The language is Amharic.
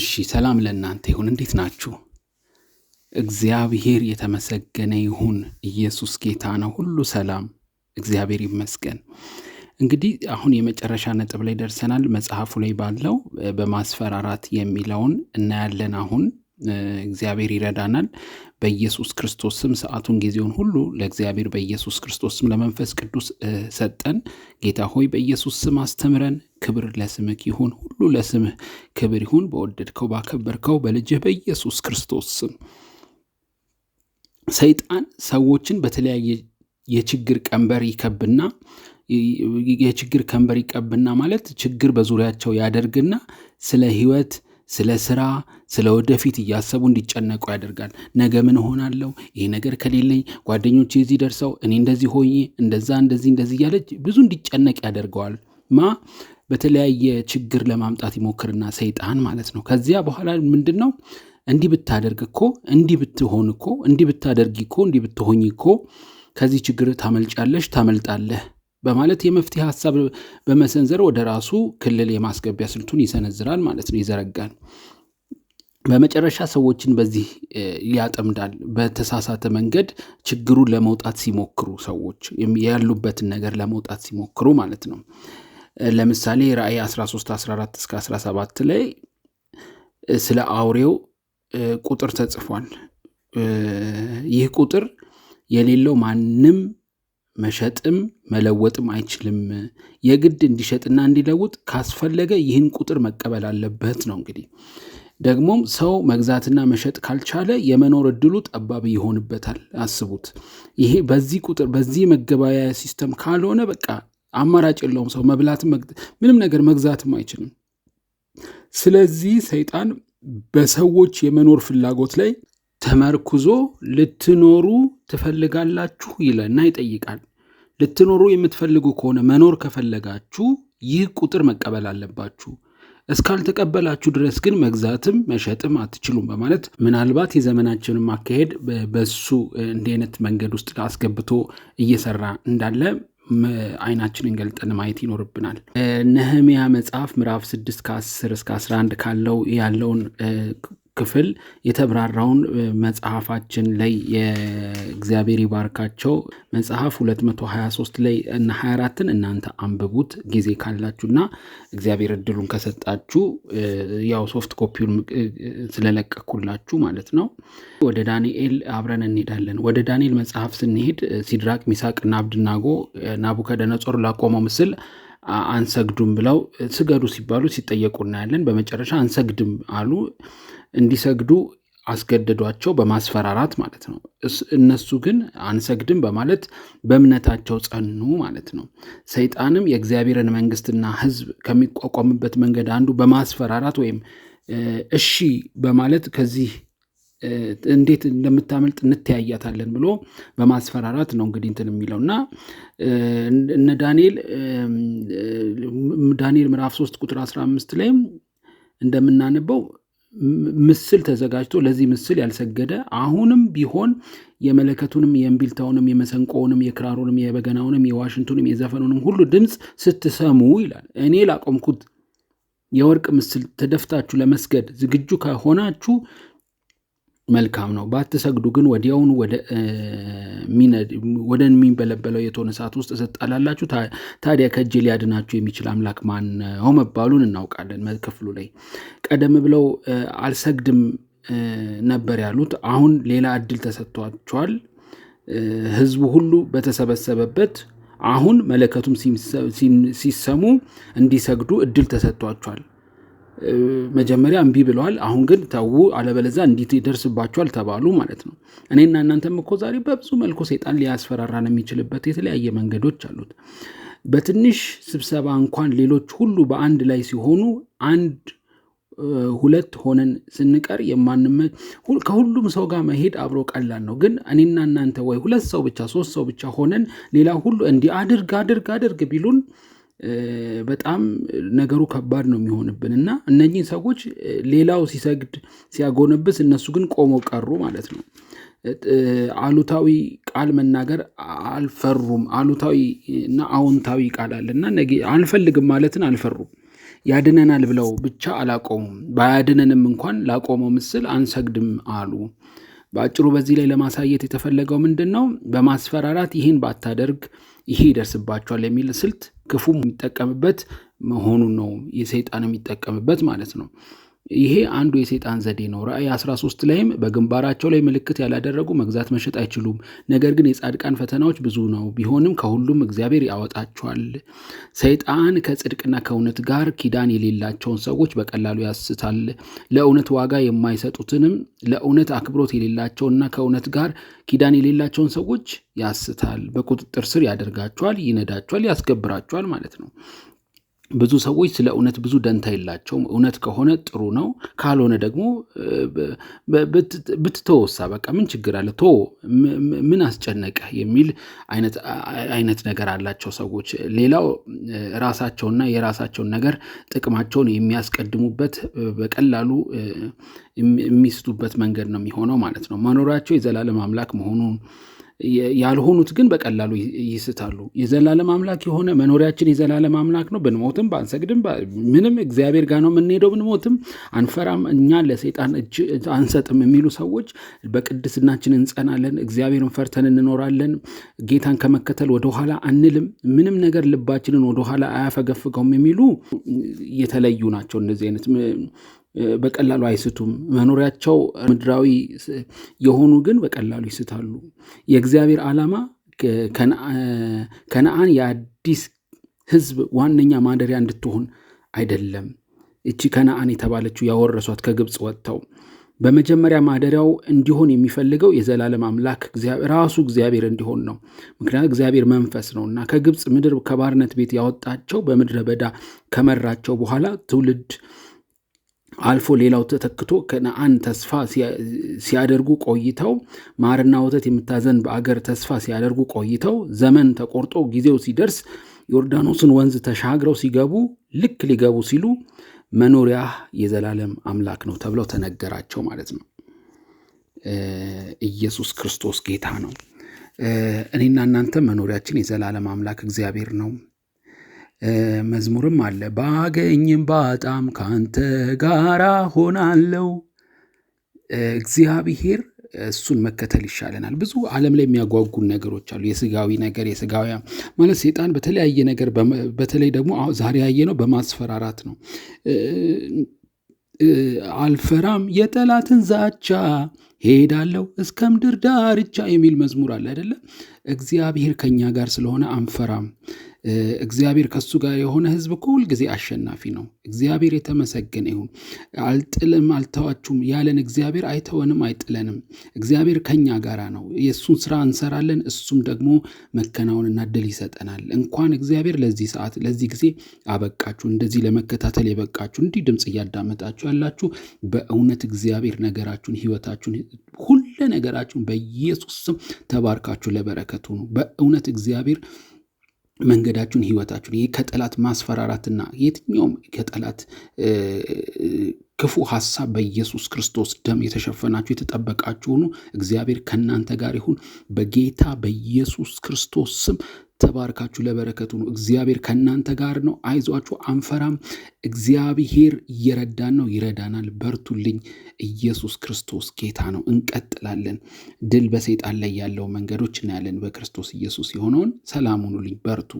እሺ ሰላም ለእናንተ ይሁን። እንዴት ናችሁ? እግዚአብሔር የተመሰገነ ይሁን። ኢየሱስ ጌታ ነው። ሁሉ ሰላም፣ እግዚአብሔር ይመስገን። እንግዲህ አሁን የመጨረሻ ነጥብ ላይ ደርሰናል። መጽሐፉ ላይ ባለው በማስፈራራት የሚለውን እናያለን። አሁን እግዚአብሔር ይረዳናል። በኢየሱስ ክርስቶስ ስም ሰዓቱን ጊዜውን ሁሉ ለእግዚአብሔር በኢየሱስ ክርስቶስ ስም ለመንፈስ ቅዱስ ሰጠን። ጌታ ሆይ በኢየሱስ ስም አስተምረን። ክብር ለስምህ ይሁን፣ ሁሉ ለስምህ ክብር ይሁን። በወደድከው ባከበርከው በልጅህ በኢየሱስ ክርስቶስ ስም ሰይጣን ሰዎችን በተለያየ የችግር ቀንበር ይከብና የችግር ቀንበር ይቀብና ማለት ችግር በዙሪያቸው ያደርግና ስለ ህይወት ስለ ስራ፣ ስለ ወደፊት እያሰቡ እንዲጨነቁ ያደርጋል። ነገ ምን እሆናለሁ? ይሄ ነገር ከሌለኝ ጓደኞቼ እዚህ ደርሰው እኔ እንደዚህ ሆኜ እንደዛ እንደዚህ እንደዚህ እያለች ብዙ እንዲጨነቅ ያደርገዋል። ማ በተለያየ ችግር ለማምጣት ይሞክርና ሰይጣን ማለት ነው። ከዚያ በኋላ ምንድን ነው እንዲህ ብታደርግ እኮ እንዲህ ብትሆን እኮ እንዲህ ብታደርጊ እኮ እንዲህ ብትሆኝ እኮ ከዚህ ችግር ታመልጫለሽ ታመልጣለህ በማለት የመፍትሄ ሀሳብ በመሰንዘር ወደ ራሱ ክልል የማስገቢያ ስልቱን ይሰነዝራል ማለት ነው፣ ይዘረጋል። በመጨረሻ ሰዎችን በዚህ ያጠምዳል። በተሳሳተ መንገድ ችግሩን ለመውጣት ሲሞክሩ ሰዎች ያሉበትን ነገር ለመውጣት ሲሞክሩ ማለት ነው። ለምሳሌ ራእይ 13 14 እስከ 17 ላይ ስለ አውሬው ቁጥር ተጽፏል። ይህ ቁጥር የሌለው ማንም መሸጥም መለወጥም አይችልም። የግድ እንዲሸጥና እንዲለውጥ ካስፈለገ ይህን ቁጥር መቀበል አለበት ነው እንግዲህ ደግሞም ሰው መግዛትና መሸጥ ካልቻለ የመኖር እድሉ ጠባብ ይሆንበታል። አስቡት። ይሄ በዚህ ቁጥር በዚህ መገበያያ ሲስተም ካልሆነ በቃ አማራጭ የለውም። ሰው መብላት ምንም ነገር መግዛትም አይችልም። ስለዚህ ሰይጣን በሰዎች የመኖር ፍላጎት ላይ ተመርኩዞ ልትኖሩ ትፈልጋላችሁ ይለና ይጠይቃል። ልትኖሩ የምትፈልጉ ከሆነ መኖር ከፈለጋችሁ ይህ ቁጥር መቀበል አለባችሁ። እስካልተቀበላችሁ ድረስ ግን መግዛትም መሸጥም አትችሉም በማለት ምናልባት የዘመናችንን ማካሄድ በሱ እንዲህ አይነት መንገድ ውስጥ አስገብቶ እየሰራ እንዳለ አይናችንን ገልጠን ማየት ይኖርብናል። ነህሚያ መጽሐፍ ምዕራፍ 6 ከ10 እስከ 11 ካለው ያለውን ክፍል የተብራራውን መጽሐፋችን ላይ የእግዚአብሔር ይባርካቸው መጽሐፍ 223 ላይ እና 24ን እናንተ አንብቡት ጊዜ ካላችሁና እግዚአብሔር እድሉን ከሰጣችሁ ያው ሶፍት ኮፒውን ስለለቀኩላችሁ ማለት ነው። ወደ ዳንኤል አብረን እንሄዳለን። ወደ ዳንኤል መጽሐፍ ስንሄድ ሲድራቅ ሚሳቅና አብድናጎ ናቡከደነጾር ላቆመው ምስል አንሰግዱም ብለው ስገዱ ሲባሉ ሲጠየቁ እናያለን። በመጨረሻ አንሰግድም አሉ። እንዲሰግዱ አስገደዷቸው በማስፈራራት ማለት ነው። እነሱ ግን አንሰግድም በማለት በእምነታቸው ጸኑ ማለት ነው። ሰይጣንም የእግዚአብሔርን መንግስትና ሕዝብ ከሚቋቋምበት መንገድ አንዱ በማስፈራራት ወይም እሺ በማለት ከዚህ እንዴት እንደምታመልጥ እንተያያታለን ብሎ በማስፈራራት ነው እንግዲህ እንትን የሚለው እና እነ ዳንኤል ዳንኤል ምዕራፍ 3 ቁጥር 15 ላይም እንደምናነበው ምስል ተዘጋጅቶ ለዚህ ምስል ያልሰገደ አሁንም ቢሆን የመለከቱንም የእምቢልታውንም የመሰንቆውንም የክራሩንም የበገናውንም የዋሽንቱንም የዘፈኑንም ሁሉ ድምፅ ስትሰሙ ይላል እኔ ላቆምኩት የወርቅ ምስል ተደፍታችሁ ለመስገድ ዝግጁ ከሆናችሁ መልካም ነው። ባትሰግዱ ግን ወዲያውኑ ወደ የሚንበለበለው የእቶን እሳት ውስጥ ትጣላላችሁ። ታዲያ ከእጅ ሊያድናችሁ የሚችል አምላክ ማን ነው መባሉን እናውቃለን። ክፍሉ ላይ ቀደም ብለው አልሰግድም ነበር ያሉት፣ አሁን ሌላ እድል ተሰጥቷቸዋል። ህዝቡ ሁሉ በተሰበሰበበት አሁን መለከቱም ሲሰሙ እንዲሰግዱ እድል ተሰጥቷቸዋል። መጀመሪያ እምቢ ብለዋል። አሁን ግን ተዉ አለበለዛ እንዲት ይደርስባቸዋል ተባሉ ማለት ነው። እኔና እናንተም እኮ ዛሬ በብዙ መልኩ ሴጣን ሊያስፈራራን የሚችልበት የተለያየ መንገዶች አሉት። በትንሽ ስብሰባ እንኳን ሌሎች ሁሉ በአንድ ላይ ሲሆኑ አንድ ሁለት ሆነን ስንቀር ከሁሉም ሰው ጋር መሄድ አብሮ ቀላል ነው። ግን እኔና እናንተ ወይ ሁለት ሰው ብቻ ሶስት ሰው ብቻ ሆነን ሌላ ሁሉ እንዲህ አድርግ አድርግ አድርግ ቢሉን በጣም ነገሩ ከባድ ነው የሚሆንብን እና እነኚህ ሰዎች ሌላው ሲሰግድ ሲያጎነብስ፣ እነሱ ግን ቆሞ ቀሩ ማለት ነው። አሉታዊ ቃል መናገር አልፈሩም። አሉታዊ እና አዎንታዊ ቃል አለ እና አንፈልግም ማለትን አልፈሩም። ያድነናል ብለው ብቻ አላቆሙም። ባያድነንም እንኳን ላቆመው ምስል አንሰግድም አሉ። በአጭሩ በዚህ ላይ ለማሳየት የተፈለገው ምንድን ነው? በማስፈራራት ይህን ባታደርግ ይሄ ይደርስባቸዋል የሚል ስልት ክፉ የሚጠቀምበት መሆኑን ነው የሰይጣን የሚጠቀምበት ማለት ነው። ይሄ አንዱ የሰይጣን ዘዴ ነው። ራእይ 13 ላይም በግንባራቸው ላይ ምልክት ያላደረጉ መግዛት መሸጥ አይችሉም፣ ነገር ግን የጻድቃን ፈተናዎች ብዙ ነው፣ ቢሆንም ከሁሉም እግዚአብሔር ያወጣቸዋል። ሰይጣን ከጽድቅና ከእውነት ጋር ኪዳን የሌላቸውን ሰዎች በቀላሉ ያስታል። ለእውነት ዋጋ የማይሰጡትንም ለእውነት አክብሮት የሌላቸውና ከእውነት ጋር ኪዳን የሌላቸውን ሰዎች ያስታል። በቁጥጥር ስር ያደርጋቸዋል፣ ይነዳቸዋል፣ ያስገብራቸዋል ማለት ነው። ብዙ ሰዎች ስለ እውነት ብዙ ደንታ የላቸውም። እውነት ከሆነ ጥሩ ነው፣ ካልሆነ ደግሞ ብትተወሳ በቃ ምን ችግር አለ ቶ ምን አስጨነቀህ የሚል አይነት ነገር አላቸው ሰዎች። ሌላው ራሳቸውና የራሳቸውን ነገር ጥቅማቸውን የሚያስቀድሙበት በቀላሉ የሚስቱበት መንገድ ነው የሚሆነው ማለት ነው። መኖራቸው የዘላለም አምላክ መሆኑን ያልሆኑት ግን በቀላሉ ይስታሉ። የዘላለም አምላክ የሆነ መኖሪያችን የዘላለም አምላክ ነው። ብንሞትም ባንሰግድም ምንም እግዚአብሔር ጋር ነው የምንሄደው። ብንሞትም አንፈራም፣ እኛ ለሰይጣን እጅ አንሰጥም የሚሉ ሰዎች በቅድስናችን እንጸናለን፣ እግዚአብሔርን ፈርተን እንኖራለን። ጌታን ከመከተል ወደኋላ አንልም፣ ምንም ነገር ልባችንን ወደኋላ አያፈገፍገውም የሚሉ የተለዩ ናቸው። እነዚህ አይነት በቀላሉ አይስቱም። መኖሪያቸው ምድራዊ የሆኑ ግን በቀላሉ ይስታሉ። የእግዚአብሔር ዓላማ ከነአን የአዲስ ሕዝብ ዋነኛ ማደሪያ እንድትሆን አይደለም። እቺ ከነአን የተባለችው ያወረሷት ከግብፅ ወጥተው በመጀመሪያ ማደሪያው እንዲሆን የሚፈልገው የዘላለም አምላክ ራሱ እግዚአብሔር እንዲሆን ነው። ምክንያቱ እግዚአብሔር መንፈስ ነው እና ከግብፅ ምድር ከባርነት ቤት ያወጣቸው በምድረ በዳ ከመራቸው በኋላ ትውልድ አልፎ ሌላው ተተክቶ ከነአን ተስፋ ሲያደርጉ ቆይተው ማርና ወተት የምታዘን በአገር ተስፋ ሲያደርጉ ቆይተው ዘመን ተቆርጦ ጊዜው ሲደርስ ዮርዳኖስን ወንዝ ተሻግረው ሲገቡ ልክ ሊገቡ ሲሉ መኖሪያ የዘላለም አምላክ ነው ተብለው ተነገራቸው ማለት ነው። ኢየሱስ ክርስቶስ ጌታ ነው። እኔና እናንተ መኖሪያችን የዘላለም አምላክ እግዚአብሔር ነው። መዝሙርም አለ። ባገኝም ባጣም ካንተ ጋራ ሆናለው። እግዚአብሔር እሱን መከተል ይሻለናል። ብዙ ዓለም ላይ የሚያጓጉን ነገሮች አሉ። የስጋዊ ነገር የስጋዊ ማለት ሴጣን በተለያየ ነገር በተለይ ደግሞ ዛሬ ያየነው በማስፈራራት ነው። አልፈራም የጠላትን ዛቻ ሄዳለሁ እስከ ምድር ዳርቻ የሚል መዝሙር አለ አይደለም። እግዚአብሔር ከኛ ጋር ስለሆነ አንፈራም። እግዚአብሔር ከሱ ጋር የሆነ ህዝብ እኮ ሁልጊዜ አሸናፊ ነው። እግዚአብሔር የተመሰገነ ይሁን። አልጥልም አልተዋችሁም ያለን እግዚአብሔር አይተወንም፣ አይጥለንም። እግዚአብሔር ከኛ ጋራ ነው። የእሱን ስራ እንሰራለን፣ እሱም ደግሞ መከናወንና ድል ይሰጠናል። እንኳን እግዚአብሔር ለዚህ ሰዓት ለዚህ ጊዜ አበቃችሁ። እንደዚህ ለመከታተል የበቃችሁ እንዲህ ድምፅ እያዳመጣችሁ ያላችሁ በእውነት እግዚአብሔር ነገራችሁን፣ ህይወታችሁን፣ ሁለ ነገራችሁን በኢየሱስ ስም ተባርካችሁ ለበረከቱ ነው። በእውነት እግዚአብሔር መንገዳችሁን ህይወታችሁን ይህ ከጠላት ማስፈራራትና የትኛውም ከጠላት ክፉ ሀሳብ በኢየሱስ ክርስቶስ ደም የተሸፈናችሁ የተጠበቃችሁ ሁኑ። እግዚአብሔር ከእናንተ ጋር ይሁን። በጌታ በኢየሱስ ክርስቶስ ስም ተባርካችሁ ለበረከቱ ነው። እግዚአብሔር ከእናንተ ጋር ነው። አይዟችሁ፣ አንፈራም። እግዚአብሔር እየረዳን ነው፣ ይረዳናል። በርቱልኝ። ኢየሱስ ክርስቶስ ጌታ ነው። እንቀጥላለን። ድል በሰይጣን ላይ ያለው መንገዶች እናያለን። በክርስቶስ ኢየሱስ የሆነውን ሰላም ሁኑልኝ። በርቱ።